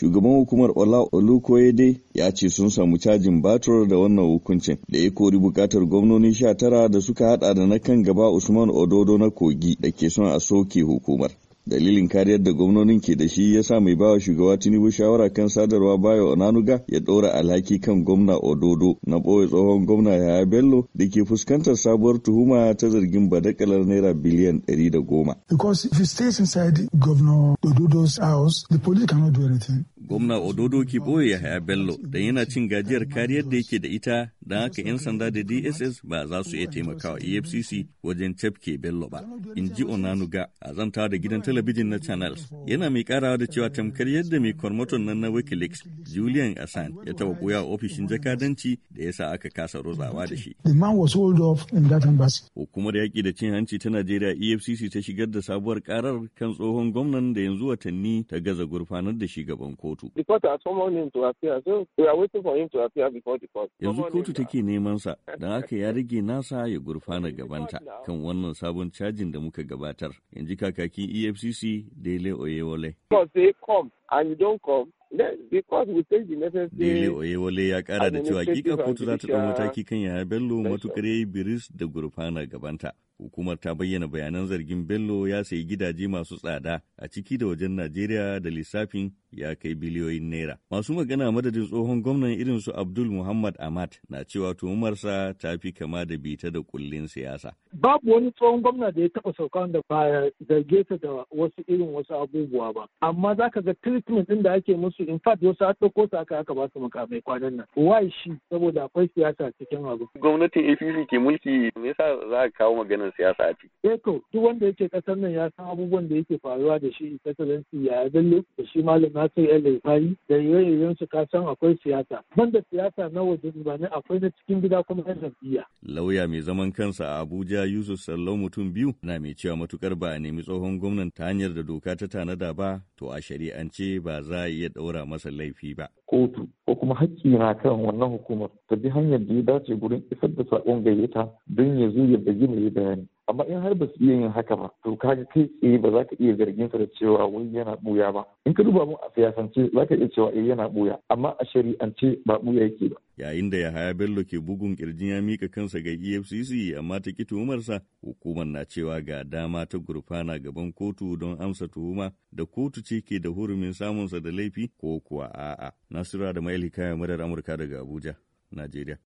shugaban hukumar ola olukoyede ya ce sun samu cajin batur da wannan hukuncin da ya kori bukatar gwamnoni sha tara da suka hada da na kan gaba usman ododo na kogi da ke son a soke hukumar dalilin kariyar da gwamnonin ke da shi ya sa mai bawa shugaba tinubu shawara kan sadarwa bayo onanuga ya ɗora alhaki kan gwamna ododo na ɓoye tsohon gwamna yaya bello da ke fuskantar sabuwar tuhuma ta zargin badakalar naira biliyan ɗari da goma. because if inside governor ododo's house the police cannot do anything. gwamna ododo ke ɓoye yaya bello don yana cin gajiyar kariyar da yake da ita da haka 'yan sanda da dss ba za su iya taimakawa efcc wajen cafke bello ba in ji onanuga a zanta da gidan talabijin na channels yana mai karawa da cewa tamkar yadda mai kwarmaton nan na wikileaks julian assange ya taba koya ofishin jakadanci da ya sa aka kasa rozawa da shi hukumar yaƙi da cin hanci ta najeriya efcc ta shigar da sabuwar karar kan tsohon gwamnan da yanzu watanni ta gaza gurfanar da shi gaban kotu yanzu kotu take nemansa, don haka ya rage nasa ya gurfana gabanta kan wannan sabon cajin da muka gabatar, in ji kakakin EFCC Dele Oyewole. Dele Oyewole ya kara da cewa kika kotu za ta ɗau mataki kan yaya Bello matukar ya yi biris da gurfana gabanta. hukumar ta bayyana bayanan zargin Bello ya sayi gidaje masu tsada a ciki da wajen Najeriya da lissafin ya kai biliyoyin naira. Masu magana madadin tsohon gwamnan irin su Abdul Muhammad Ahmad na cewa tuhumarsa ta fi kama da bita da kullin siyasa. Babu wani tsohon gwamna da ya taɓa sauka da ba zarge ta da wasu irin wasu abubuwa ba. Amma za ka ga treatment ɗin da ake musu in fact wasu a ɗauko su aka aka ba su mukamai kwanan nan. Why shi saboda akwai siyasa cikin abu. Gwamnatin APC ke mulki me yasa za ka kawo magana tasirin siyasa a ciki. Eh duk wanda yake kasar nan ya san abubuwan da yake faruwa da shi siyasa ya zalle da shi malam Nasir El laifayi da yayin su ka san akwai siyasa. Banda siyasa na waje ba ne akwai na cikin gida kuma na jam'iyya. Lauya mai zaman kansa a Abuja Yusuf Sallau mutum biyu na mai cewa matukar ba a nemi tsohon gwamnan ta hanyar da doka ta tanada ba to a shari'ance ba za a iya ɗaura masa laifi ba. Kotu ko kuma hakki na kan wannan hukumar ta bi hanyar da ya dace gurin isar da saƙon gayyata don ya zo ya bayyana ya bayani. amma in har ba su iya yin haka ba to kaga kai tsaye ba za ka iya zargin sa da cewa wai yana buya ba in ka duba mun a siyasance za ka iya cewa eh yana buya amma a shari'ance ba buya yake ba yayin da Yahaya Bello ke bugun kirjin ya mika kansa ga EFCC amma ta ki sa, hukumar na cewa ga dama ta gurfana gaban kotu don amsa tuhuma da kotu ce ke da hurumin samunsa da laifi ko kuwa a'a Nasira da Maili Kaya murar Amurka daga Abuja Najeriya